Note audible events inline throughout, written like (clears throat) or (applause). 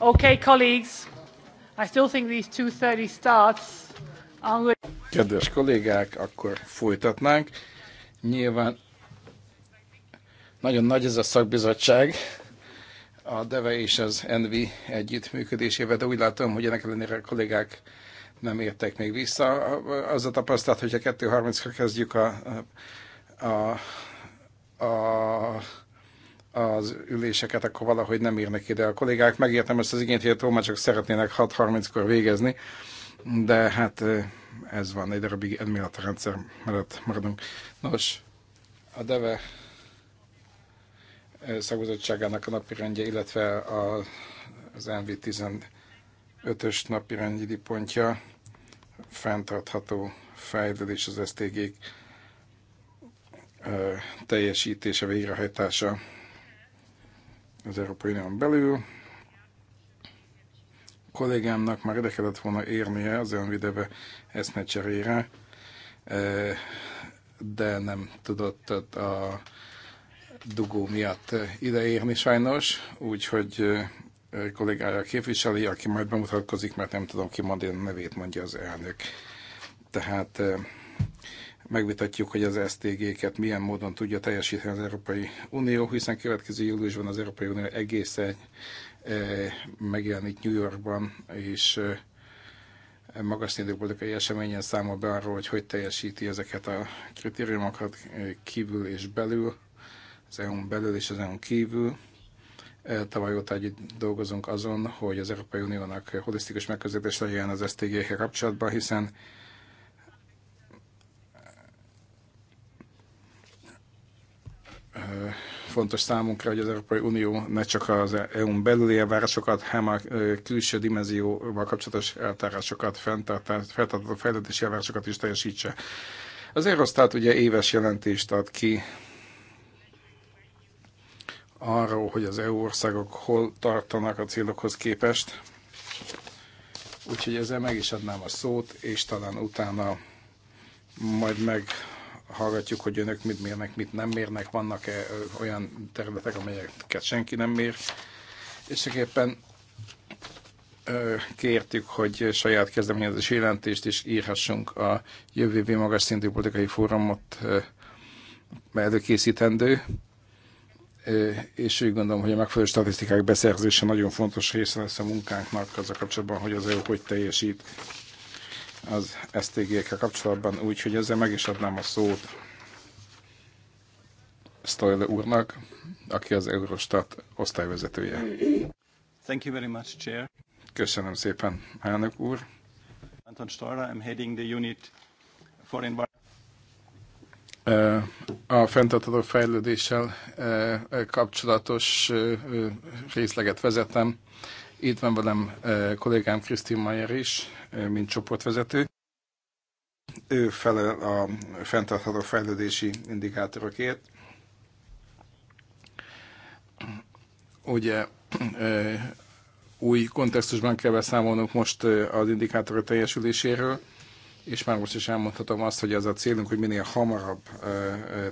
Okay, colleagues. I still think these 2.30 starts. I'm going... Kedves kollégák, akkor folytatnánk. Nyilván nagyon nagy ez a szakbizottság, a DEVE és az ENVI együttműködésével, de úgy látom, hogy ennek ellenére a kollégák nem értek még vissza. Az a tapasztalat, hogyha 2.30-ra kezdjük a, a, a az üléseket, akkor valahogy nem írnak ide a kollégák. Megértem ezt az igényt, hogy a tolmácsok szeretnének 6.30-kor végezni, de hát ez van, egy darabig elmélet a rendszer mellett maradunk. Nos, a DEVE szakbizottságának a napirendje, illetve a, az NV 15-ös napirendi pontja fenntartható fejlődés az STG-k teljesítése, végrehajtása az Európai Unión belül. A kollégámnak már ide kellett volna érnie az önvideve cserére, e, de nem tudott a dugó miatt ideérni sajnos, úgyhogy e, kollégája képviseli, aki majd bemutatkozik, mert nem tudom ki a nevét, mondja az elnök. Tehát e, megvitatjuk, hogy az STG-ket milyen módon tudja teljesíteni az Európai Unió, hiszen következő júliusban az Európai Unió egészen eh, megjelenik New Yorkban, és eh, magas szintű politikai eseményen számol be arról, hogy hogy teljesíti ezeket a kritériumokat eh, kívül és belül, az EU-n belül és az EU-n kívül. Tavaly óta együtt dolgozunk azon, hogy az Európai Uniónak holisztikus megközelítés legyen az SZTG-kkel kapcsolatban, hiszen fontos számunkra, hogy az Európai Unió ne csak az EU-n belüli elvárásokat, hanem a külső dimenzióval kapcsolatos eltárásokat, fenntartó fejlődési elvárásokat is teljesítse. Az Eurostat ugye éves jelentést ad ki arról, hogy az EU országok hol tartanak a célokhoz képest. Úgyhogy ezzel meg is adnám a szót, és talán utána majd meg hallgatjuk, hogy önök mit mérnek, mit nem mérnek, vannak-e olyan területek, amelyeket senki nem mér. És éppen kértük, hogy saját kezdeményezés jelentést is írhassunk a jövő évi magas szintű politikai fórumot előkészítendő, és úgy gondolom, hogy a megfelelő statisztikák beszerzése nagyon fontos része lesz a munkánknak az a kapcsolatban, hogy az EU hogy teljesít az STG-kkel kapcsolatban, úgyhogy ezzel meg is adnám a szót Stoyle úrnak, aki az Eurostat osztályvezetője. Thank you very much, Chair. Köszönöm szépen, elnök úr. Anton Stoyle, I'm heading the unit for environment. A fenntartható fejlődéssel kapcsolatos részleget vezetem itt van velem kollégám Krisztin Mayer is, mint csoportvezető. Ő felel a fenntartható fejlődési indikátorokért. Ugye új kontextusban kell beszámolnunk most az indikátorok teljesüléséről, és már most is elmondhatom azt, hogy az a célunk, hogy minél hamarabb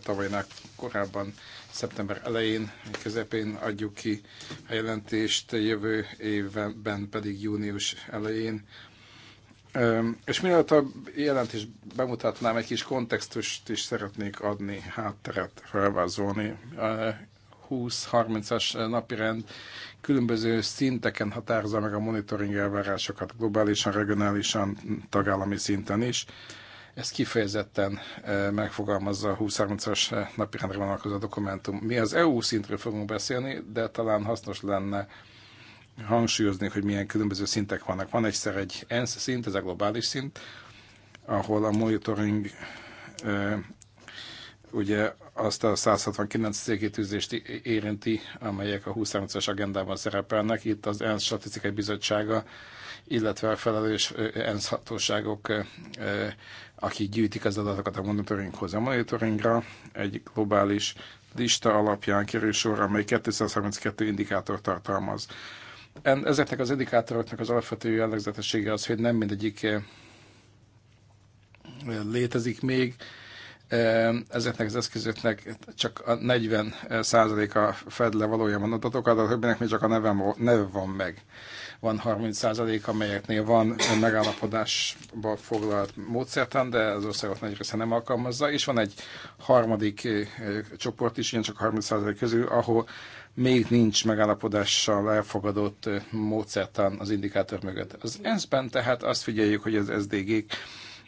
tavalynál korábban szeptember elején, közepén adjuk ki a jelentést, jövő évben pedig június elején. És mielőtt a jelentést bemutatnám, egy kis kontextust is szeretnék adni, hátteret felvázolni. 20-30-as rend, különböző szinteken határozza meg a monitoring elvárásokat globálisan, regionálisan, tagállami szinten is ez kifejezetten e, megfogalmazza a 2030-as rendre vonatkozó dokumentum. Mi az EU szintről fogunk beszélni, de talán hasznos lenne hangsúlyozni, hogy milyen különböző szintek vannak. Van egyszer egy ENSZ szint, ez a globális szint, ahol a monitoring e, ugye azt a 169 célkitűzést érinti, amelyek a 2030-as agendában szerepelnek. Itt az ENSZ Statisztikai Bizottsága illetve a felelős ENSZ hatóságok, akik gyűjtik az adatokat a monitoringhoz. A monitoringra egy globális lista alapján kerül sorra, amely 232 indikátor tartalmaz. Ezeknek az indikátoroknak az alapvető jellegzetessége az, hogy nem mindegyik létezik még, ezeknek az eszközöknek csak a 40 a fed le valójában adatokat, a többinek még csak a neve, neve van meg van 30% amelyeknél van megállapodásba foglalt módszertan, de az országot nagy része nem alkalmazza, és van egy harmadik csoport is, ilyen csak 30% közül, ahol még nincs megállapodással elfogadott módszertan az indikátor mögött. Az ENSZ-ben tehát azt figyeljük, hogy az SDG-k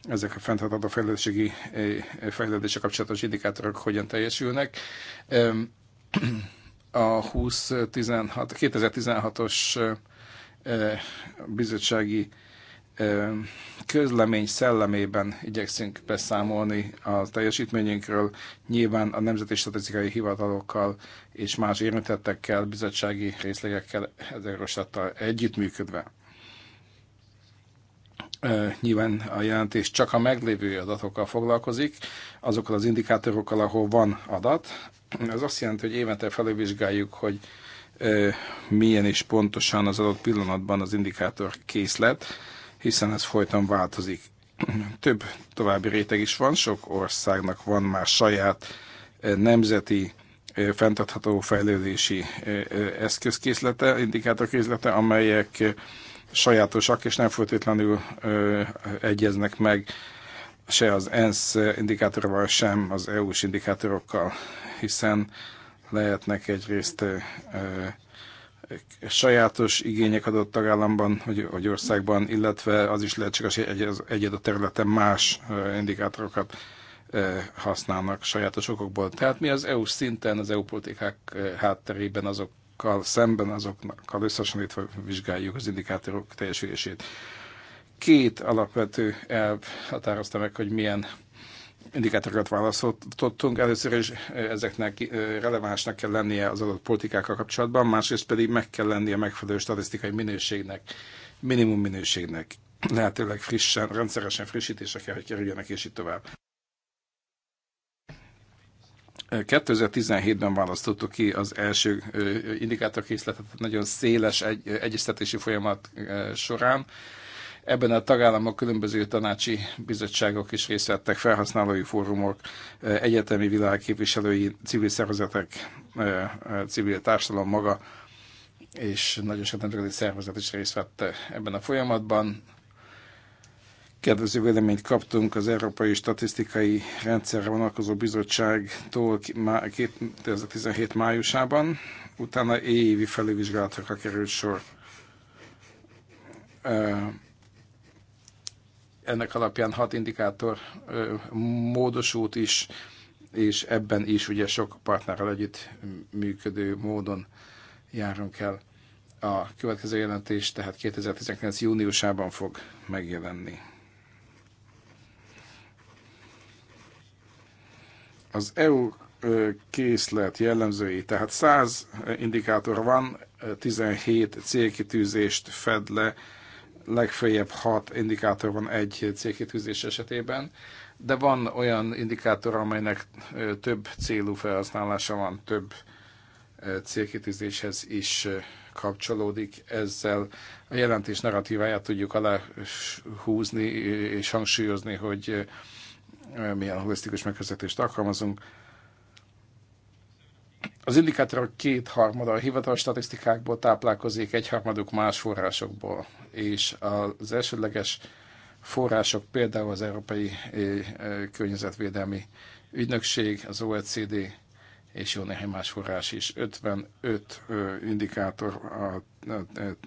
ezek a fenntartható fejlődési fejlődése kapcsolatos indikátorok hogyan teljesülnek. (clears throat) A 2016, 2016-os bizottsági közlemény szellemében igyekszünk beszámolni a teljesítményünkről. Nyilván a Nemzeti Statisztikai Hivatalokkal és más érintettekkel, bizottsági részlegekkel, ezerosattal együttműködve. Nyilván a jelentés csak a meglévő adatokkal foglalkozik, azokkal az indikátorokkal, ahol van adat. Ez azt jelenti, hogy évente felülvizsgáljuk, hogy milyen is pontosan az adott pillanatban az indikátor készlet, hiszen ez folyton változik. (clears throat) Több további réteg is van, sok országnak van már saját nemzeti fenntartható fejlődési eszközkészlete, indikátorkészlete, amelyek sajátosak és nem feltétlenül egyeznek meg se az ENSZ indikátorokkal, sem az EU-s indikátorokkal, hiszen lehetnek egyrészt sajátos igények adott tagállamban vagy, vagy országban, illetve az is lehet, hogy egy, az egy adott területen más indikátorokat használnak sajátos okokból. Tehát mi az EU szinten, az EU politikák hátterében azokkal szemben, azokkal összehasonlítva vizsgáljuk az indikátorok teljesülését. Két alapvető elv határozta meg, hogy milyen indikátorokat választottunk. Először is ezeknek relevánsnak kell lennie az adott politikákkal kapcsolatban, másrészt pedig meg kell lennie a megfelelő statisztikai minőségnek, minimum minőségnek. Lehetőleg frissen, rendszeresen frissítésre kell, hogy kerüljenek, és így tovább. 2017-ben választottuk ki az első indikátorkészletet nagyon széles egy, egyeztetési folyamat során Ebben a tagállamok különböző tanácsi bizottságok is részt vettek, felhasználói fórumok, egyetemi világképviselői, civil szervezetek, civil társadalom maga, és nagyon sok nemzetközi szervezet is részt vett ebben a folyamatban. Kedvező véleményt kaptunk az Európai Statisztikai Rendszerre vonalkozó bizottságtól 2017 májusában, utána évi felülvizsgálatokra került sor ennek alapján hat indikátor módosult is, és ebben is ugye sok partnerrel együtt működő módon járunk el. A következő jelentés tehát 2019. júniusában fog megjelenni. Az EU készlet jellemzői, tehát 100 indikátor van, 17 célkitűzést fed le, legfeljebb hat indikátor van egy célkitűzés esetében, de van olyan indikátor, amelynek több célú felhasználása van, több célkitűzéshez is kapcsolódik. Ezzel a jelentés narratíváját tudjuk aláhúzni és hangsúlyozni, hogy milyen holisztikus megközelítést alkalmazunk. Az indikátorok kétharmada a hivatalos statisztikákból táplálkozik, egyharmaduk más forrásokból, és az elsődleges források például az Európai eh, eh, Környezetvédelmi Ügynökség, az OECD és jó néhány más forrás is. 55 eh, indikátor a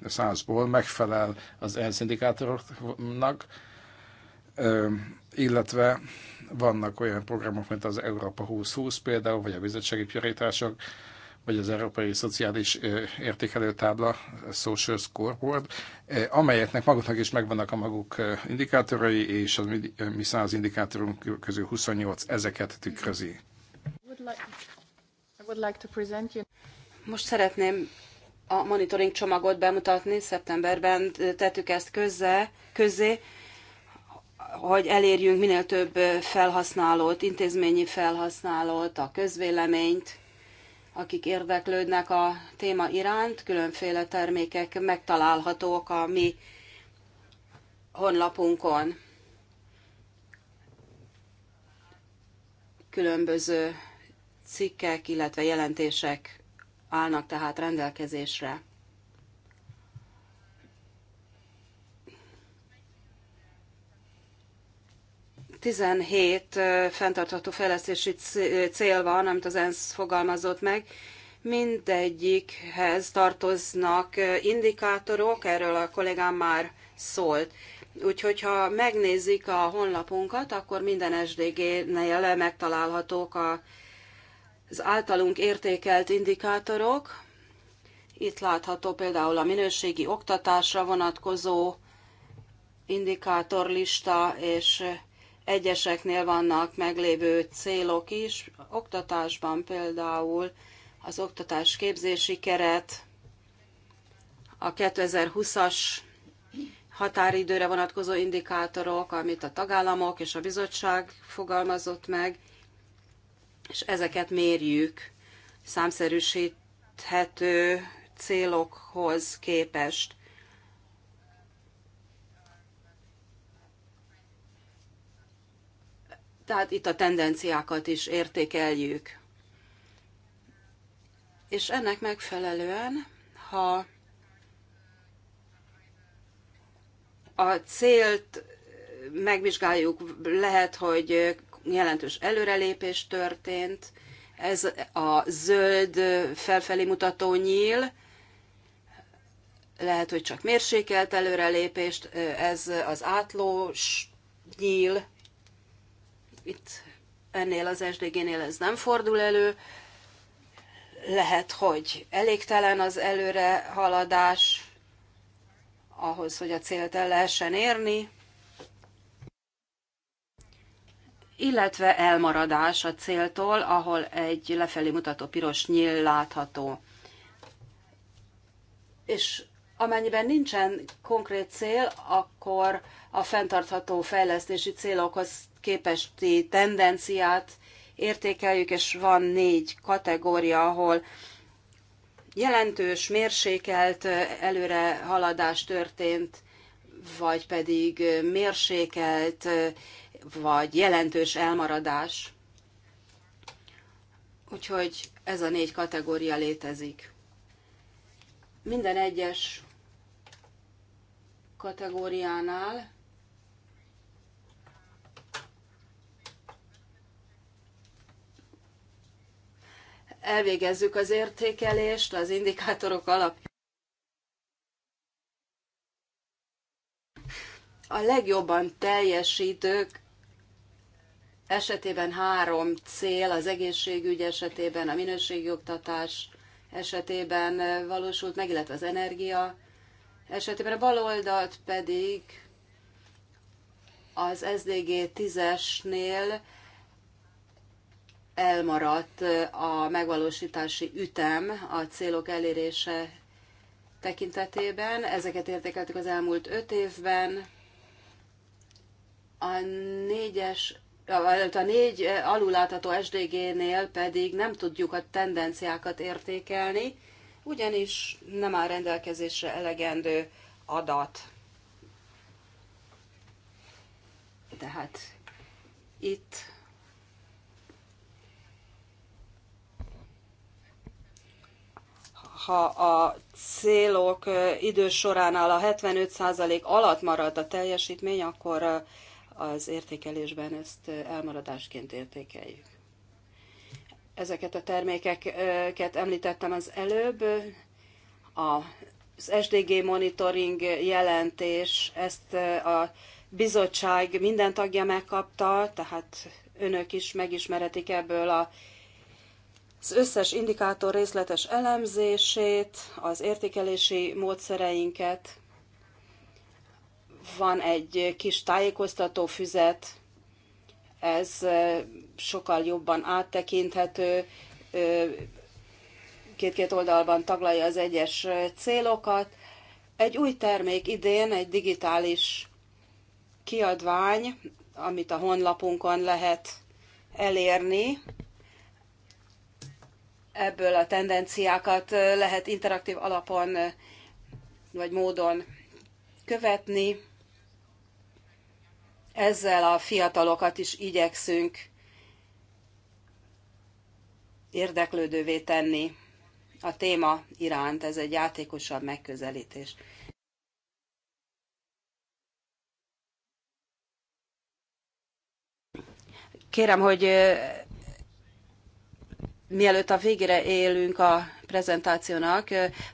100-ból megfelel az ENSZ indikátoroknak, illetve vannak olyan programok, mint az Európa 2020 például, vagy a bizottsági prioritások, vagy az Európai Szociális Értékelőtábla, Social Scoreboard, amelyeknek maguknak is megvannak a maguk indikátorai, és a mi 100 indikátorunk közül 28 ezeket tükrözi. Most szeretném a monitoring csomagot bemutatni, szeptemberben tettük ezt közze, közé, hogy elérjünk minél több felhasználót, intézményi felhasználót, a közvéleményt, akik érdeklődnek a téma iránt, különféle termékek megtalálhatók a mi honlapunkon. Különböző cikkek, illetve jelentések állnak tehát rendelkezésre. 17 fenntartható fejlesztési cél van, amit az ENSZ fogalmazott meg. Mindegyikhez tartoznak indikátorok, erről a kollégám már szólt. Úgyhogy ha megnézik a honlapunkat, akkor minden SDG-nél megtalálhatók az általunk értékelt indikátorok. Itt látható például a minőségi oktatásra vonatkozó indikátorlista, és egyeseknél vannak meglévő célok is, oktatásban például az oktatás képzési keret, a 2020-as határidőre vonatkozó indikátorok, amit a tagállamok és a bizottság fogalmazott meg, és ezeket mérjük számszerűsíthető célokhoz képest. Tehát itt a tendenciákat is értékeljük. És ennek megfelelően, ha a célt megvizsgáljuk, lehet, hogy jelentős előrelépés történt, ez a zöld felfelé mutató nyíl, lehet, hogy csak mérsékelt előrelépést, ez az átlós nyíl, itt ennél az SDG-nél ez nem fordul elő. Lehet, hogy elégtelen az előre haladás ahhoz, hogy a célt el lehessen érni, illetve elmaradás a céltól, ahol egy lefelé mutató piros nyíl látható. És amennyiben nincsen konkrét cél, akkor a fenntartható fejlesztési célokhoz képesti tendenciát értékeljük, és van négy kategória, ahol jelentős, mérsékelt előre haladás történt, vagy pedig mérsékelt, vagy jelentős elmaradás. Úgyhogy ez a négy kategória létezik. Minden egyes kategóriánál elvégezzük az értékelést az indikátorok alapján. A legjobban teljesítők esetében három cél, az egészségügy esetében, a minőségi oktatás esetében valósult meg, illetve az energia esetében. A baloldalt pedig az SDG 10-esnél elmaradt a megvalósítási ütem a célok elérése tekintetében. Ezeket értékeltük az elmúlt öt évben. A négyes a négy alulátható SDG-nél pedig nem tudjuk a tendenciákat értékelni, ugyanis nem áll rendelkezésre elegendő adat. Tehát itt ha a célok idős soránál a 75% alatt marad a teljesítmény, akkor az értékelésben ezt elmaradásként értékeljük. Ezeket a termékeket említettem az előbb. Az SDG monitoring jelentés, ezt a bizottság minden tagja megkapta, tehát önök is megismeretik ebből a az összes indikátor részletes elemzését, az értékelési módszereinket, van egy kis tájékoztató füzet, ez sokkal jobban áttekinthető, két-két oldalban taglalja az egyes célokat. Egy új termék idén, egy digitális kiadvány, amit a honlapunkon lehet elérni, ebből a tendenciákat lehet interaktív alapon vagy módon követni. Ezzel a fiatalokat is igyekszünk érdeklődővé tenni a téma iránt. Ez egy játékosabb megközelítés. Kérem, hogy mielőtt a végére élünk a prezentációnak,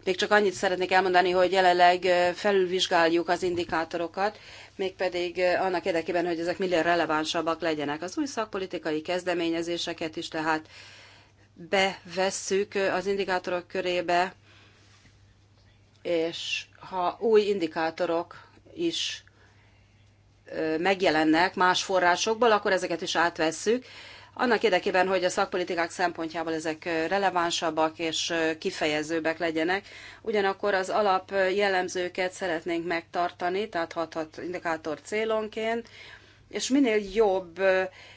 még csak annyit szeretnék elmondani, hogy jelenleg felülvizsgáljuk az indikátorokat, mégpedig annak érdekében, hogy ezek minél relevánsabbak legyenek. Az új szakpolitikai kezdeményezéseket is tehát bevesszük az indikátorok körébe, és ha új indikátorok is megjelennek más forrásokból, akkor ezeket is átvesszük annak érdekében, hogy a szakpolitikák szempontjából ezek relevánsabbak és kifejezőbbek legyenek. Ugyanakkor az alap jellemzőket szeretnénk megtartani, tehát 6 indikátor célonként, és minél jobb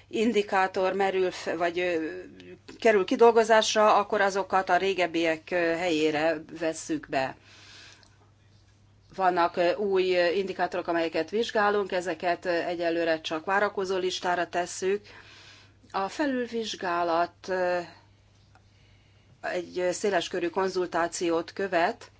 indikátor merül, vagy kerül kidolgozásra, akkor azokat a régebbiek helyére vesszük be. Vannak új indikátorok, amelyeket vizsgálunk, ezeket egyelőre csak várakozó listára tesszük, a felülvizsgálat egy széleskörű konzultációt követ,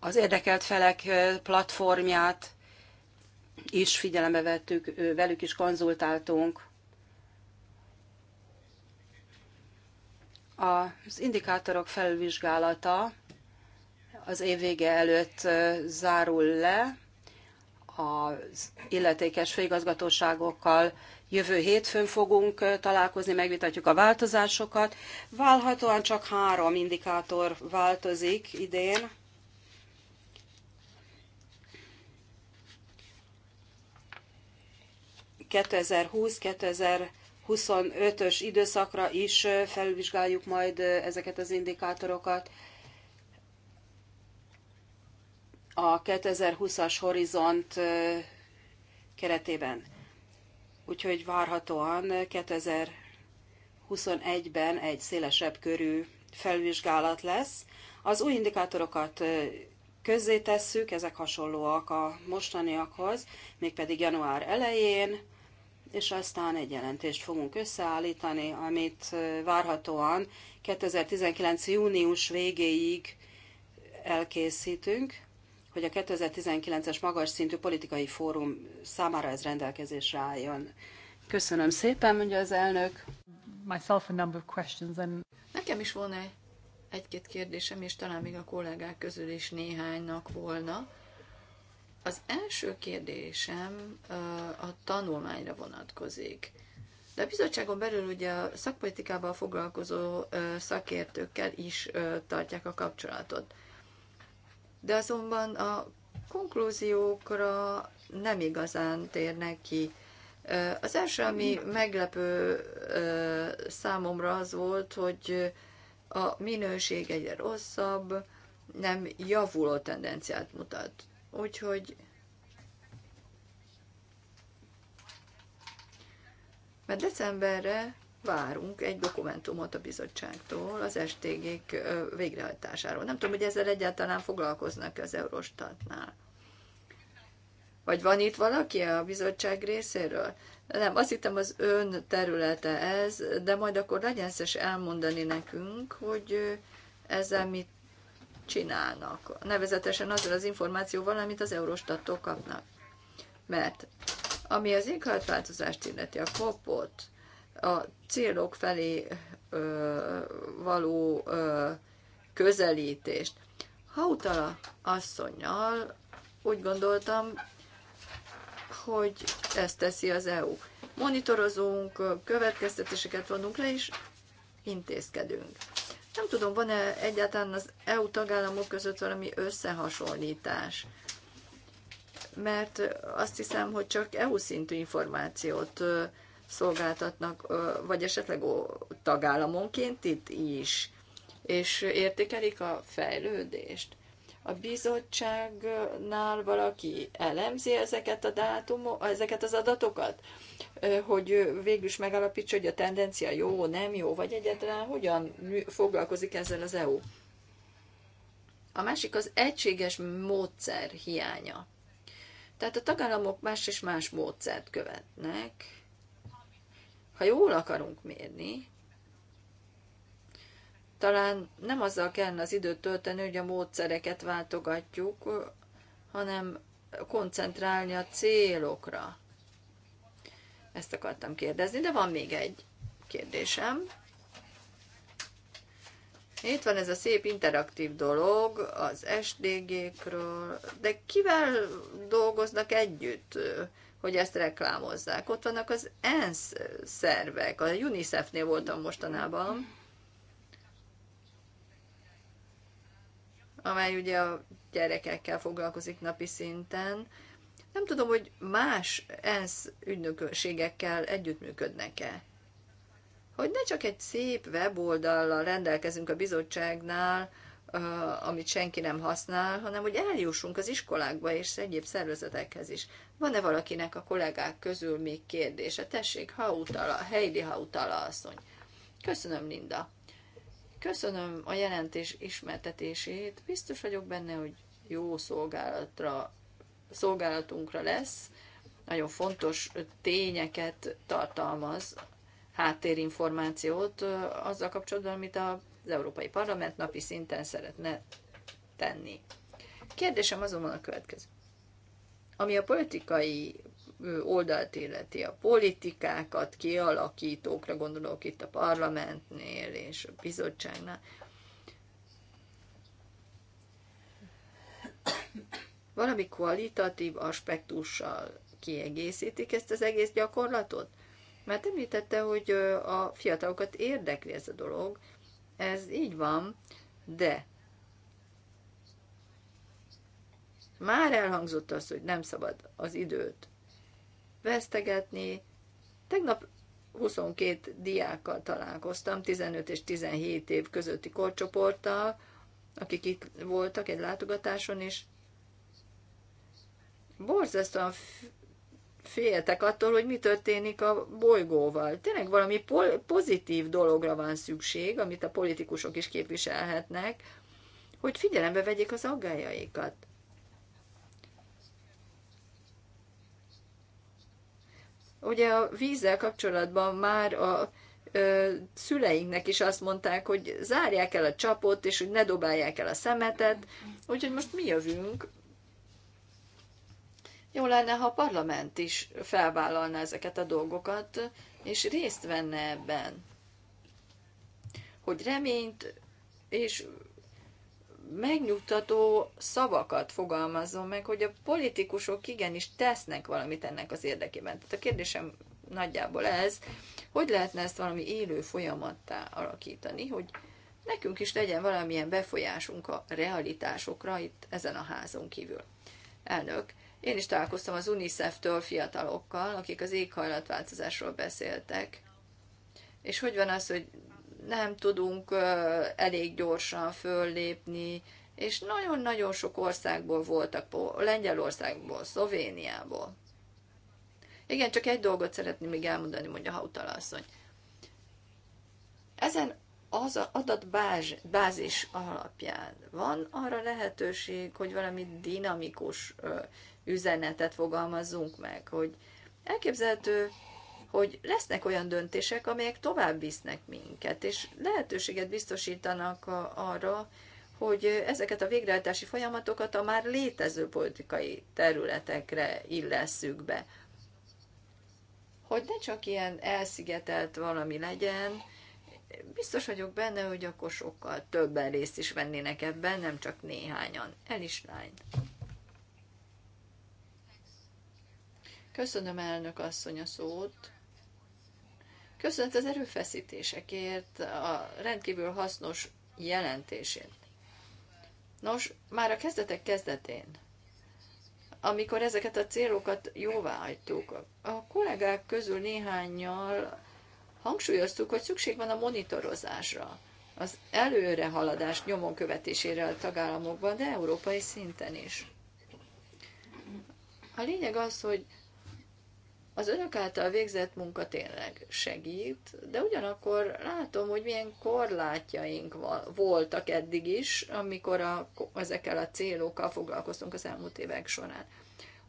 az érdekelt felek platformját is figyelembe vettük, velük is konzultáltunk. Az indikátorok felvizsgálata az év vége előtt zárul le az illetékes főigazgatóságokkal. Jövő hétfőn fogunk találkozni, megvitatjuk a változásokat. Válhatóan csak három indikátor változik idén. ...2020-2025 ös időszakra is felvizsgáljuk majd ezeket az indikátorokat a 2020-as horizont keretében. Úgyhogy várhatóan 2021-ben egy szélesebb körű felvizsgálat lesz. Az új indikátorokat közzé tesszük, ezek hasonlóak a mostaniakhoz, mégpedig január elején, és aztán egy jelentést fogunk összeállítani, amit várhatóan 2019. június végéig elkészítünk hogy a 2019-es magas szintű politikai fórum számára ez rendelkezésre álljon. Köszönöm szépen, mondja az elnök. Myself a number of questions and... Nekem is volna egy-két kérdésem, és talán még a kollégák közül is néhánynak volna. Az első kérdésem a tanulmányra vonatkozik. De a bizottságon belül ugye a szakpolitikával foglalkozó szakértőkkel is tartják a kapcsolatot de azonban a konklúziókra nem igazán térnek ki. Az első, ami meglepő számomra az volt, hogy a minőség egyre rosszabb, nem javuló tendenciát mutat. Úgyhogy mert decemberre várunk egy dokumentumot a bizottságtól az stg végrehajtásáról. Nem tudom, hogy ezzel egyáltalán foglalkoznak az Eurostatnál. Vagy van itt valaki a bizottság részéről? Nem, azt hittem az ön területe ez, de majd akkor legyen szes elmondani nekünk, hogy ezzel mit csinálnak. Nevezetesen azzal az információval, amit az Eurostattól kapnak. Mert ami az éghajlatváltozást illeti, a kopot, a célok felé ö, való ö, közelítést. Hautala asszonynal úgy gondoltam, hogy ezt teszi az EU. Monitorozunk, következtetéseket vonunk le, és intézkedünk. Nem tudom, van-e egyáltalán az EU tagállamok között valami összehasonlítás? Mert azt hiszem, hogy csak EU szintű információt szolgáltatnak, vagy esetleg tagállamonként itt is, és értékelik a fejlődést. A bizottságnál valaki elemzi ezeket a dátumok, ezeket az adatokat, hogy végül is megalapítsa, hogy a tendencia jó, nem jó, vagy egyáltalán hogyan foglalkozik ezzel az EU. A másik az egységes módszer hiánya. Tehát a tagállamok más és más módszert követnek, ha jól akarunk mérni, talán nem azzal kellene az időt tölteni, hogy a módszereket váltogatjuk, hanem koncentrálni a célokra. Ezt akartam kérdezni, de van még egy kérdésem. Itt van ez a szép interaktív dolog az SDG-kről, de kivel dolgoznak együtt? hogy ezt reklámozzák. Ott vannak az ENSZ szervek, a UNICEF-nél voltam mostanában, amely ugye a gyerekekkel foglalkozik napi szinten. Nem tudom, hogy más ENSZ ügynökségekkel együttműködnek-e. Hogy ne csak egy szép weboldallal rendelkezünk a bizottságnál, amit senki nem használ, hanem hogy eljussunk az iskolákba és egyéb szervezetekhez is. Van-e valakinek a kollégák közül még kérdése? Tessék, utala, Heidi utala asszony. Köszönöm, Linda. Köszönöm a jelentés ismertetését. Biztos vagyok benne, hogy jó szolgálatra, szolgálatunkra lesz. Nagyon fontos tényeket tartalmaz, háttérinformációt azzal kapcsolatban, amit a az Európai Parlament napi szinten szeretne tenni. Kérdésem azonban a következő. Ami a politikai oldalt illeti, a politikákat kialakítókra gondolok itt a parlamentnél és a bizottságnál, valami kvalitatív aspektussal kiegészítik ezt az egész gyakorlatot? Mert említette, hogy a fiatalokat érdekli ez a dolog, ez így van, de már elhangzott az, hogy nem szabad az időt vesztegetni. Tegnap 22 diákkal találkoztam, 15 és 17 év közötti korcsoporttal, akik itt voltak egy látogatáson is. Borzasztóan féltek attól, hogy mi történik a bolygóval. Tényleg valami pozitív dologra van szükség, amit a politikusok is képviselhetnek, hogy figyelembe vegyék az aggájaikat. Ugye a vízzel kapcsolatban már a ö, szüleinknek is azt mondták, hogy zárják el a csapot, és hogy ne dobálják el a szemetet, úgyhogy most mi jövünk jó lenne, ha a parlament is felvállalna ezeket a dolgokat, és részt venne ebben. Hogy reményt és megnyugtató szavakat fogalmazzon meg, hogy a politikusok igenis tesznek valamit ennek az érdekében. Tehát a kérdésem nagyjából ez, hogy lehetne ezt valami élő folyamattá alakítani, hogy nekünk is legyen valamilyen befolyásunk a realitásokra itt ezen a házon kívül. Elnök, én is találkoztam az UNICEF-től fiatalokkal, akik az éghajlatváltozásról beszéltek. És hogy van az, hogy nem tudunk elég gyorsan föllépni, és nagyon-nagyon sok országból voltak, Lengyelországból, Szlovéniából. Igen, csak egy dolgot szeretném még elmondani, mondja Hautala asszony. Ezen az a adatbázis alapján van arra lehetőség, hogy valami dinamikus üzenetet fogalmazzunk meg, hogy elképzelhető, hogy lesznek olyan döntések, amelyek tovább visznek minket, és lehetőséget biztosítanak arra, hogy ezeket a végrehajtási folyamatokat a már létező politikai területekre illesszük be. Hogy ne csak ilyen elszigetelt valami legyen, biztos vagyok benne, hogy akkor sokkal többen részt is vennének ebben, nem csak néhányan. lány. Köszönöm elnök asszony a szót. Köszönet az erőfeszítésekért, a rendkívül hasznos jelentését. Nos, már a kezdetek kezdetén, amikor ezeket a célokat jóváhagytuk, a kollégák közül néhányal hangsúlyoztuk, hogy szükség van a monitorozásra, az előrehaladás nyomon követésére a tagállamokban, de európai szinten is. A lényeg az, hogy az önök által végzett munka tényleg segít, de ugyanakkor látom, hogy milyen korlátjaink voltak eddig is, amikor a, ezekkel a célokkal foglalkoztunk az elmúlt évek során.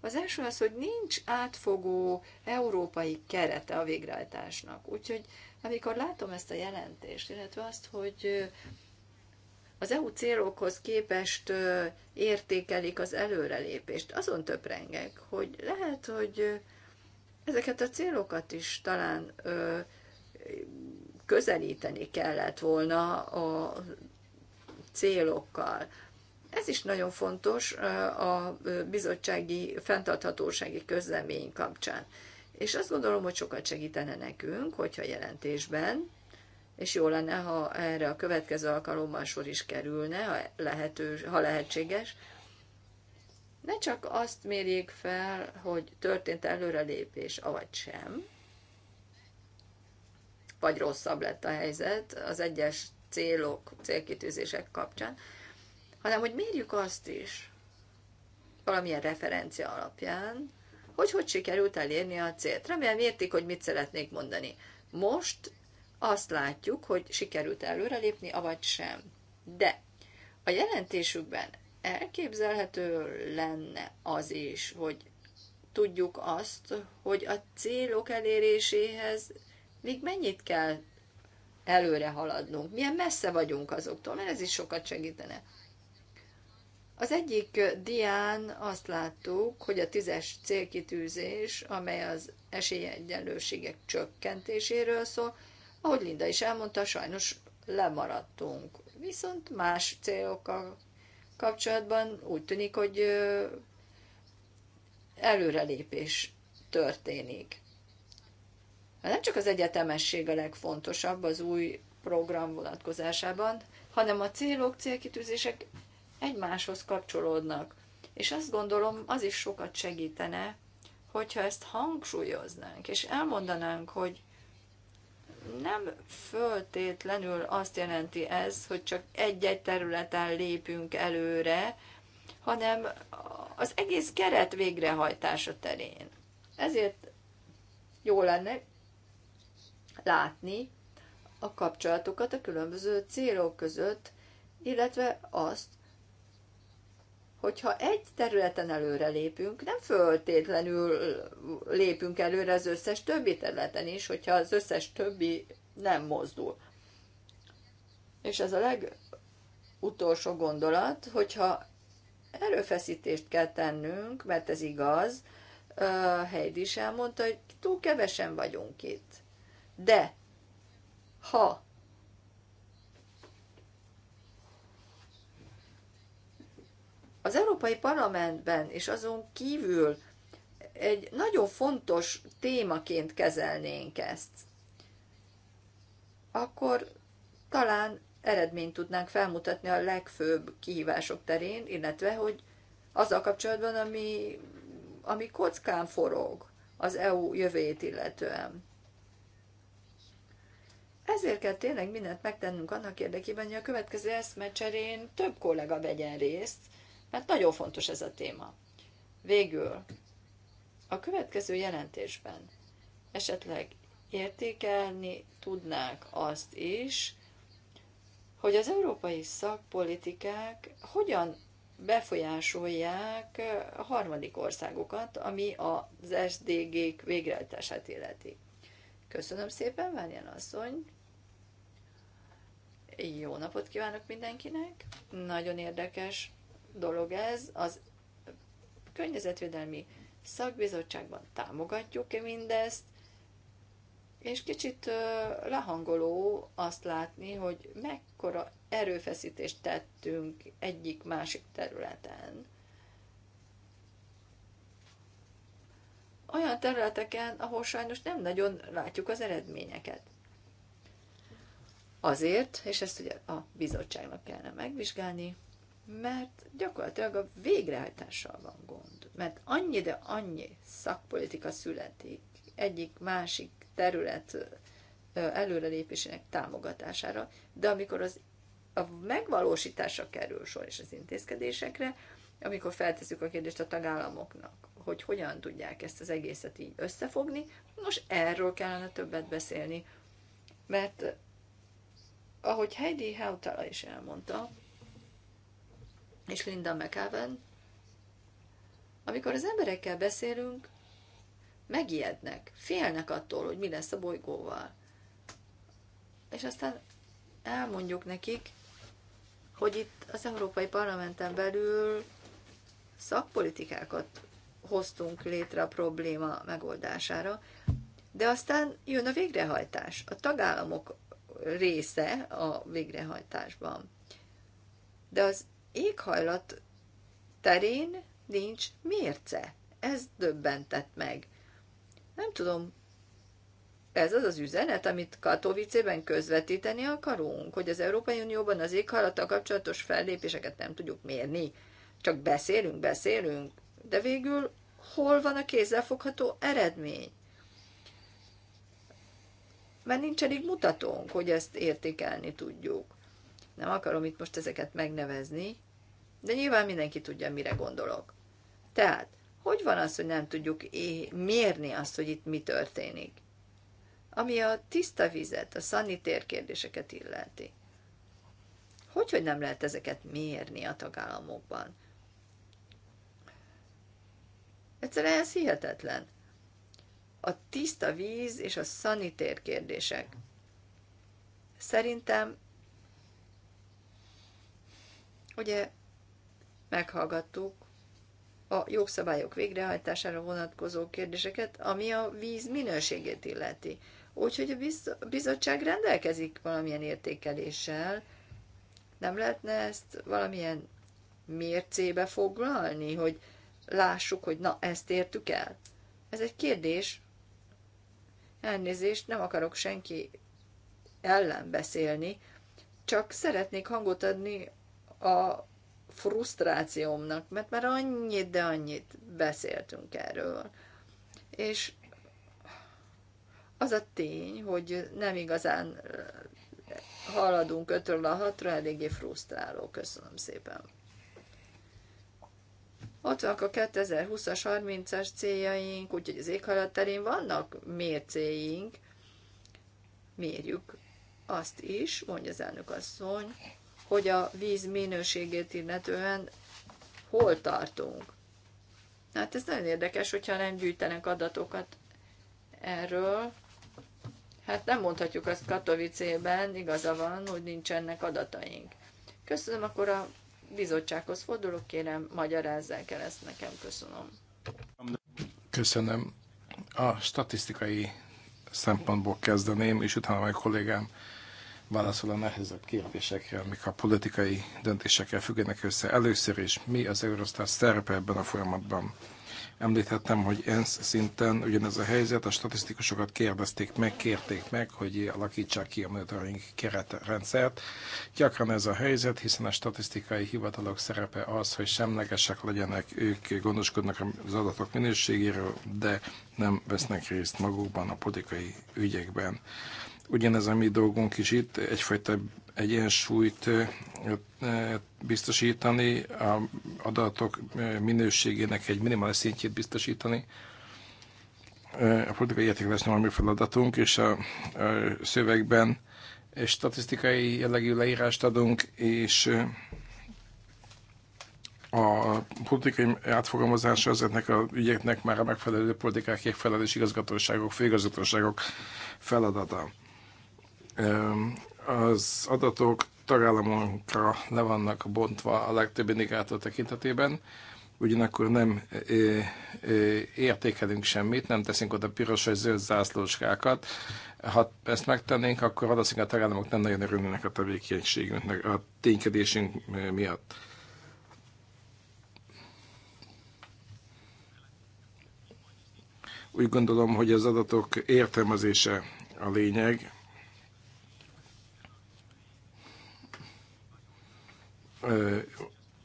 Az első az, hogy nincs átfogó európai kerete a végrehajtásnak. Úgyhogy amikor látom ezt a jelentést, illetve azt, hogy az EU célokhoz képest értékelik az előrelépést, azon töprengek, hogy lehet, hogy ezeket a célokat is talán közelíteni kellett volna a célokkal. Ez is nagyon fontos a bizottsági fenntarthatósági közlemény kapcsán. És azt gondolom, hogy sokat segítene nekünk, hogyha jelentésben, és jó lenne, ha erre a következő alkalommal sor is kerülne, ha, lehető, ha lehetséges, ne csak azt mérjék fel, hogy történt előrelépés, avagy sem, vagy rosszabb lett a helyzet az egyes célok, célkitűzések kapcsán, hanem hogy mérjük azt is, valamilyen referencia alapján, hogy hogy sikerült elérni a célt. Remélem értik, hogy mit szeretnék mondani. Most azt látjuk, hogy sikerült előrelépni, avagy sem. De a jelentésükben elképzelhető lenne az is, hogy tudjuk azt, hogy a célok eléréséhez még mennyit kell előre haladnunk, milyen messze vagyunk azoktól, mert ez is sokat segítene. Az egyik dián azt láttuk, hogy a tízes célkitűzés, amely az esélyegyenlőségek csökkentéséről szól, ahogy Linda is elmondta, sajnos lemaradtunk. Viszont más célokkal kapcsolatban úgy tűnik, hogy előrelépés történik. Nem csak az egyetemesség a legfontosabb az új program vonatkozásában, hanem a célok, célkitűzések egymáshoz kapcsolódnak. És azt gondolom, az is sokat segítene, hogyha ezt hangsúlyoznánk, és elmondanánk, hogy nem föltétlenül azt jelenti ez, hogy csak egy-egy területen lépünk előre, hanem az egész keret végrehajtása terén. Ezért jó lenne látni a kapcsolatokat a különböző célok között, illetve azt, hogyha egy területen előre lépünk, nem föltétlenül lépünk előre az összes többi területen is, hogyha az összes többi nem mozdul. És ez a legutolsó gondolat, hogyha erőfeszítést kell tennünk, mert ez igaz, Heidi is elmondta, hogy túl kevesen vagyunk itt. De ha Az Európai Parlamentben és azon kívül egy nagyon fontos témaként kezelnénk ezt, akkor talán eredményt tudnánk felmutatni a legfőbb kihívások terén, illetve hogy azzal kapcsolatban, ami, ami kockán forog az EU jövőjét illetően. Ezért kell tényleg mindent megtennünk annak érdekében, hogy a következő eszmecserén több kollega vegyen részt, mert nagyon fontos ez a téma. Végül, a következő jelentésben esetleg értékelni tudnák azt is, hogy az európai szakpolitikák hogyan befolyásolják a harmadik országokat, ami az SDG-k végrehajtását illeti. Köszönöm szépen, Várján asszony! Jó napot kívánok mindenkinek! Nagyon érdekes dolog ez. Az környezetvédelmi szakbizottságban támogatjuk -e mindezt, és kicsit lehangoló azt látni, hogy mekkora erőfeszítést tettünk egyik másik területen. Olyan területeken, ahol sajnos nem nagyon látjuk az eredményeket. Azért, és ezt ugye a bizottságnak kellene megvizsgálni, mert gyakorlatilag a végrehajtással van gond. Mert annyi, de annyi szakpolitika születik egyik másik terület előrelépésének támogatására, de amikor az a megvalósításra kerül sor és az intézkedésekre, amikor feltesszük a kérdést a tagállamoknak, hogy hogyan tudják ezt az egészet így összefogni, most erről kellene többet beszélni, mert ahogy Heidi Hautala is elmondta, és Linda McAven, amikor az emberekkel beszélünk, megijednek, félnek attól, hogy mi lesz a bolygóval. És aztán elmondjuk nekik, hogy itt az Európai Parlamenten belül szakpolitikákat hoztunk létre a probléma megoldására, de aztán jön a végrehajtás. A tagállamok része a végrehajtásban. De az éghajlat terén nincs mérce. Ez döbbentett meg. Nem tudom, ez az az üzenet, amit Katowice-ben közvetíteni akarunk, hogy az Európai Unióban az éghajlattal kapcsolatos fellépéseket nem tudjuk mérni. Csak beszélünk, beszélünk, de végül hol van a kézzelfogható eredmény? Mert nincs elég mutatónk, hogy ezt értékelni tudjuk. Nem akarom itt most ezeket megnevezni, de nyilván mindenki tudja, mire gondolok. Tehát, hogy van az, hogy nem tudjuk mérni azt, hogy itt mi történik? Ami a tiszta vizet, a szanitér kérdéseket illeti. Hogy, hogy nem lehet ezeket mérni a tagállamokban? Egyszerűen ez hihetetlen. A tiszta víz és a szanitér kérdések. Szerintem Ugye meghallgattuk a jogszabályok végrehajtására vonatkozó kérdéseket, ami a víz minőségét illeti. Úgyhogy a bizottság rendelkezik valamilyen értékeléssel. Nem lehetne ezt valamilyen mércébe foglalni, hogy lássuk, hogy na, ezt értük el? Ez egy kérdés. Elnézést, nem akarok senki ellen beszélni, csak szeretnék hangot adni a frusztrációmnak, mert már annyit, de annyit beszéltünk erről. És az a tény, hogy nem igazán eh, haladunk ötről a hatra, eléggé frusztráló. Köszönöm szépen. Ott vannak a 2020-as, 30-as céljaink, úgyhogy az éghajlat terén vannak mércéink. Mérjük azt is, mondja az elnök asszony, hogy a víz minőségét illetően hol tartunk. Hát ez nagyon érdekes, hogyha nem gyűjtenek adatokat erről. Hát nem mondhatjuk azt Katowice-ben, igaza van, hogy nincsenek adataink. Köszönöm, akkor a bizottsághoz fordulok, kérem, magyarázzák el ezt nekem, köszönöm. Köszönöm. A statisztikai szempontból kezdeném, és utána meg kollégám válaszol a nehezebb kérdésekre, amik a politikai döntésekkel függenek össze. Először is, mi az Eurostat szerepe ebben a folyamatban? Említhettem, hogy ENSZ szinten ugyanez a helyzet, a statisztikusokat kérdezték meg, kérték meg, hogy alakítsák ki a monitoring keretrendszert. Gyakran ez a helyzet, hiszen a statisztikai hivatalok szerepe az, hogy semlegesek legyenek, ők gondoskodnak az adatok minőségéről, de nem vesznek részt magukban a politikai ügyekben ugyanez a mi dolgunk is itt, egyfajta egyensúlyt biztosítani, a adatok minőségének egy minimális szintjét biztosítani. A politikai értékelés nem a mi feladatunk, és a, a szövegben statisztikai jellegű leírást adunk, és a politikai átfogalmazása ezeknek a ügyeknek már a megfelelő politikák, felelős igazgatóságok, főigazgatóságok feladata. Az adatok tagállamokra le vannak bontva a legtöbb indikátor tekintetében, ugyanakkor nem értékelünk semmit, nem teszünk oda piros vagy zöld zászlóskákat. Ha ezt megtennénk, akkor valószínűleg a tagállamok nem nagyon örülnének a tevékenységünknek, a ténykedésünk eh, miatt. Úgy gondolom, hogy az adatok értelmezése a lényeg,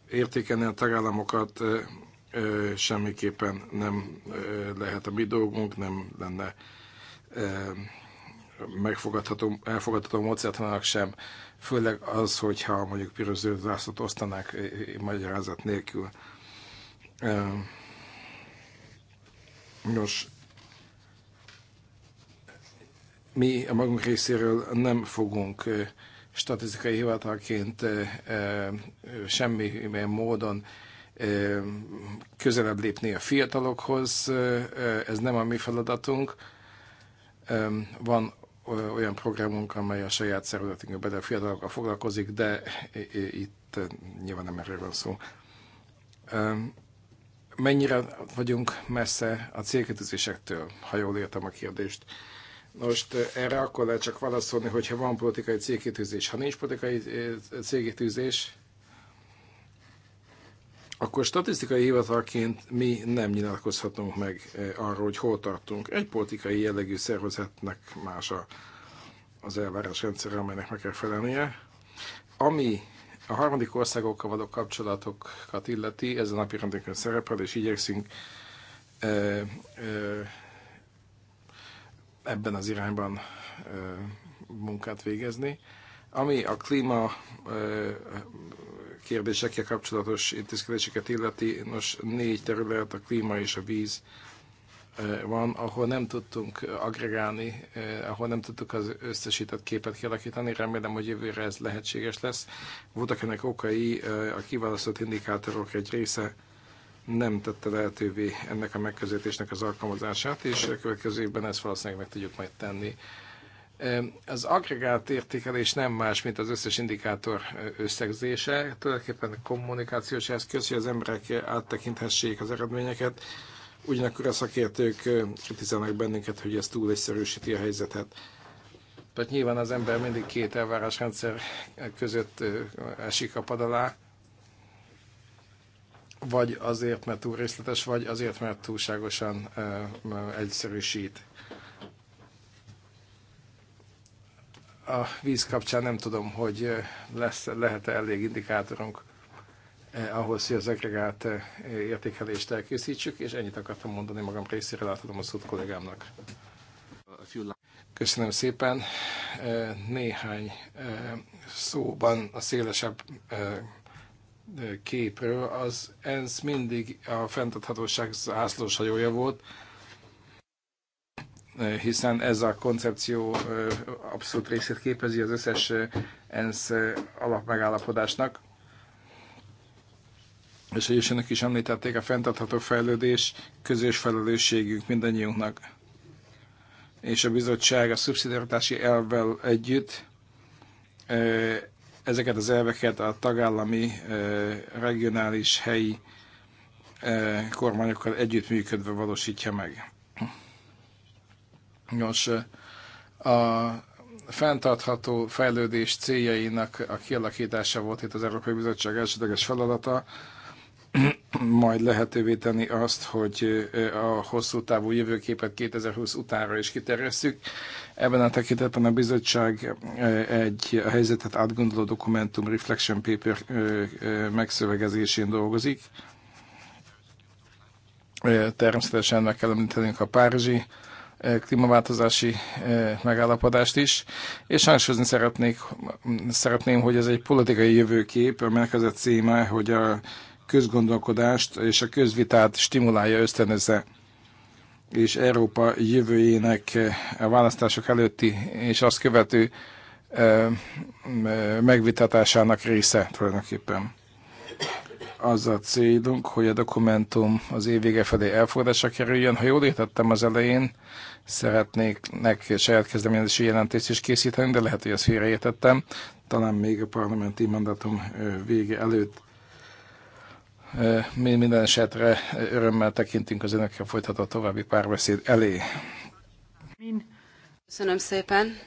értékelni a tagállamokat semmiképpen nem lehet a mi dolgunk, nem lenne megfogadható, elfogadható módszertanak sem, főleg az, hogyha mondjuk piros zászlót osztanák magyarázat nélkül. Nos, mi a magunk részéről nem fogunk statisztikai hivatalként semmilyen módon közelebb lépni a fiatalokhoz, ez nem a mi feladatunk. Van olyan programunk, amely a saját szervezetünkben a fiatalokkal foglalkozik, de itt nyilván nem erről van szó. Mennyire vagyunk messze a célkötözésektől, ha jól értem a kérdést? Most eh, erre akkor lehet csak válaszolni, hogyha van politikai célkitűzés. Ha nincs politikai eh, célkitűzés, akkor statisztikai hivatalként mi nem nyilatkozhatunk meg eh, arról, hogy hol tartunk. Egy politikai jellegű szervezetnek más a, az elvárásrendszer, amelynek meg kell felelnie. Ami a harmadik országokkal való kapcsolatokat illeti, ez a napi rendőrkön szerepel, és igyekszünk ebben az irányban munkát végezni. Ami a klíma kérdésekkel kapcsolatos intézkedéseket illeti, nos négy terület, a klíma és a víz van, ahol nem tudtunk agregálni, ahol nem tudtuk az összesített képet kialakítani. Remélem, hogy jövőre ez lehetséges lesz. Voltak ennek okai, a kiválasztott indikátorok egy része nem tette lehetővé ennek a megközelítésnek az alkalmazását, és a következő évben ezt valószínűleg meg tudjuk majd tenni. Az agregált értékelés nem más, mint az összes indikátor összegzése, tulajdonképpen kommunikációs eszköz, hogy az emberek áttekinthessék az eredményeket, ugyanakkor a szakértők kritizálnak bennünket, hogy ez túl egyszerűsíti a helyzetet. Tehát nyilván az ember mindig két elvárásrendszer között esik a pad alá, vagy azért, mert túl részletes, vagy azért, mert túlságosan egyszerűsít. A víz kapcsán nem tudom, hogy lesz, lehet-e elég indikátorunk eh, ahhoz, hogy az agregált eh, értékelést elkészítsük, és ennyit akartam mondani magam részéről, átadom a szót kollégámnak. Köszönöm szépen. Néhány szóban a szélesebb képről, az ENSZ mindig a fenntarthatóság zászlós hajója volt, hiszen ez a koncepció abszolút részét képezi az összes ENSZ alapmegállapodásnak. És hogy is önök is említették, a fenntartható fejlődés közös felelősségünk mindannyiunknak. És a bizottság a szubszidiaritási elvvel együtt Ezeket az elveket a tagállami, regionális, helyi kormányokkal együttműködve valósítja meg. Nos, a fenntartható fejlődés céljainak a kialakítása volt itt az Európai Bizottság elsődleges feladata, majd lehetővé tenni azt, hogy a hosszú távú jövőképet 2020 utánra is kiterjesszük. Ebben a tekintetben a bizottság egy a helyzetet átgondoló dokumentum Reflection Paper megszövegezésén dolgozik. Természetesen meg kell említenünk a párizsi klímaváltozási megállapodást is, és hangsúlyozni szeretnék, szeretném, hogy ez egy politikai jövőkép, aminek az a címe, hogy a közgondolkodást és a közvitát stimulálja, ösztönözze és Európa jövőjének eh, a választások előtti és azt követő eh, megvitatásának része tulajdonképpen. Az a célunk, hogy a dokumentum az vége felé elfogadásra kerüljön. Ha jól értettem az elején, szeretnék nek saját kezdeményezési jelentést is készíteni, de lehet, hogy ezt félreértettem, talán még a parlamenti mandatum eh, vége előtt. Minden esetre örömmel tekintünk az önökkel folytatott további párbeszéd elé. Köszönöm szépen.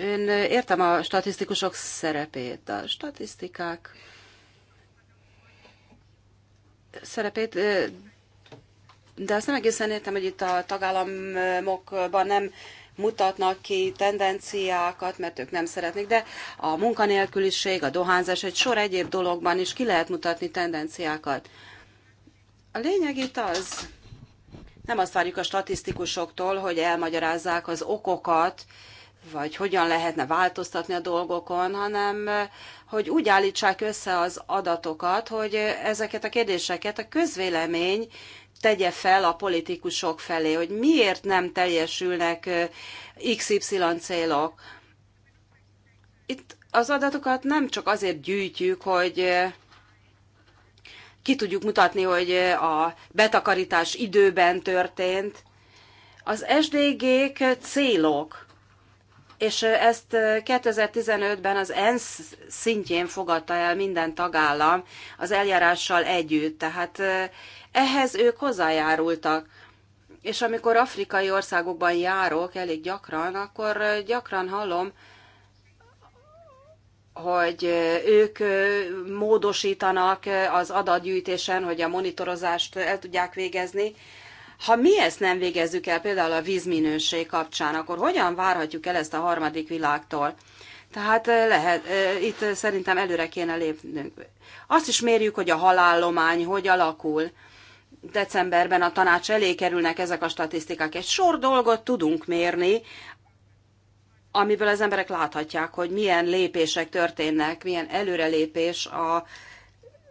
Én értem a statisztikusok szerepét. A statisztikák szerepét, de azt nem egészen értem, hogy itt a tagállamokban nem mutatnak ki tendenciákat, mert ők nem szeretnék, de a munkanélküliség, a dohányzás, egy sor egyéb dologban is ki lehet mutatni tendenciákat. A lényeg itt az, nem azt várjuk a statisztikusoktól, hogy elmagyarázzák az okokat, vagy hogyan lehetne változtatni a dolgokon, hanem hogy úgy állítsák össze az adatokat, hogy ezeket a kérdéseket a közvélemény tegye fel a politikusok felé, hogy miért nem teljesülnek XY célok. Itt az adatokat nem csak azért gyűjtjük, hogy ki tudjuk mutatni, hogy a betakarítás időben történt. Az SDG-k célok, és ezt 2015-ben az ENSZ szintjén fogadta el minden tagállam az eljárással együtt. Tehát ehhez ők hozzájárultak. És amikor afrikai országokban járok elég gyakran, akkor gyakran hallom, hogy ők módosítanak az adatgyűjtésen, hogy a monitorozást el tudják végezni. Ha mi ezt nem végezzük el például a vízminőség kapcsán, akkor hogyan várhatjuk el ezt a harmadik világtól? Tehát lehet, itt szerintem előre kéne lépnünk. Azt is mérjük, hogy a halállomány hogy alakul decemberben a tanács elé kerülnek ezek a statisztikák. Egy sor dolgot tudunk mérni, amiből az emberek láthatják, hogy milyen lépések történnek, milyen előrelépés a,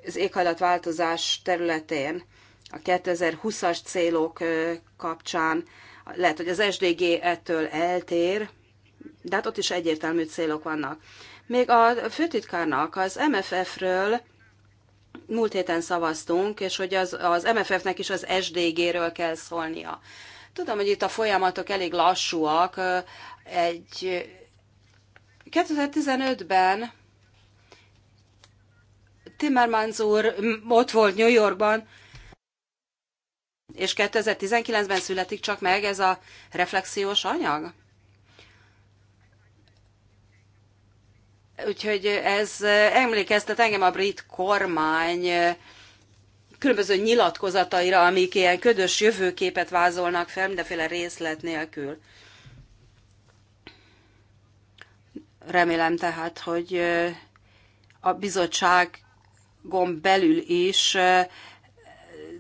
az éghajlatváltozás területén, a 2020-as célok kapcsán. Lehet, hogy az SDG ettől eltér, de hát ott is egyértelmű célok vannak. Még a főtitkárnak az MFF-ről múlt héten szavaztunk, és hogy az, az MFF-nek is az SDG-ről kell szólnia. Tudom, hogy itt a folyamatok elég lassúak. Egy 2015-ben Timmermans úr ott volt New Yorkban, és 2019-ben születik csak meg ez a reflexiós anyag? Úgyhogy ez eh, emlékeztet engem a brit kormány eh, különböző nyilatkozataira, amik ilyen ködös jövőképet vázolnak fel, mindenféle részlet nélkül. Remélem tehát, hogy eh, a bizottságon belül is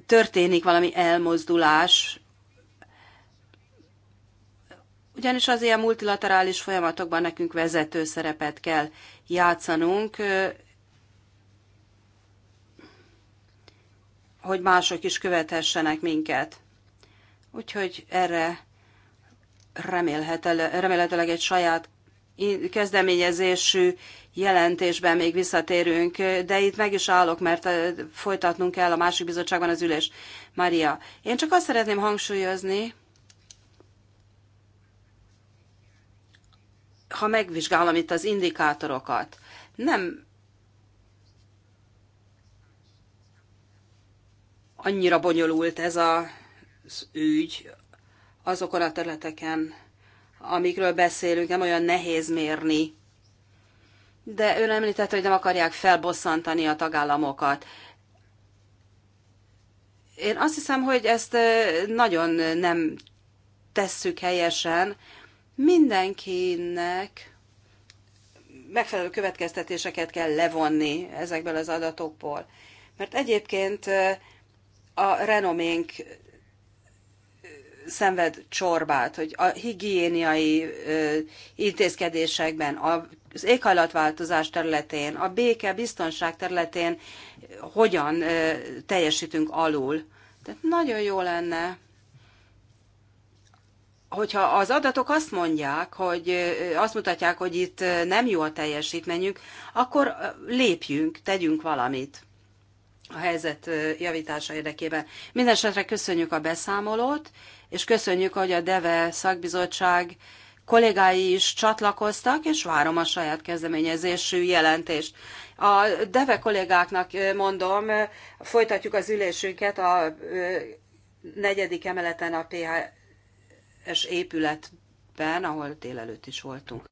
történik valami elmozdulás ugyanis az ilyen multilaterális folyamatokban nekünk vezető szerepet kell játszanunk, hogy mások is követhessenek minket. Úgyhogy erre remélhetőleg egy saját kezdeményezésű jelentésben még visszatérünk, de itt meg is állok, mert folytatnunk kell a másik bizottságban az ülés. Maria, én csak azt szeretném hangsúlyozni, ha megvizsgálom itt az indikátorokat, nem annyira bonyolult ez az ügy azokon a területeken, amikről beszélünk, nem olyan nehéz mérni. De ön említette, hogy nem akarják felbosszantani a tagállamokat. Én azt hiszem, hogy ezt nagyon nem tesszük helyesen, mindenkinek megfelelő következtetéseket kell levonni ezekből az adatokból. Mert egyébként a renoménk szenved csorbát, hogy a higiéniai intézkedésekben, az éghajlatváltozás területén, a béke, biztonság területén hogyan teljesítünk alul. Tehát nagyon jó lenne, hogyha az adatok azt mondják, hogy azt mutatják, hogy itt nem jó a teljesítményünk, akkor lépjünk, tegyünk valamit a helyzet javítása érdekében. Mindenesetre köszönjük a beszámolót, és köszönjük, hogy a DEVE szakbizottság kollégái is csatlakoztak, és várom a saját kezdeményezésű jelentést. A DEVE kollégáknak mondom, folytatjuk az ülésünket a negyedik emeleten a PH épületben, ahol délelőtt is voltunk.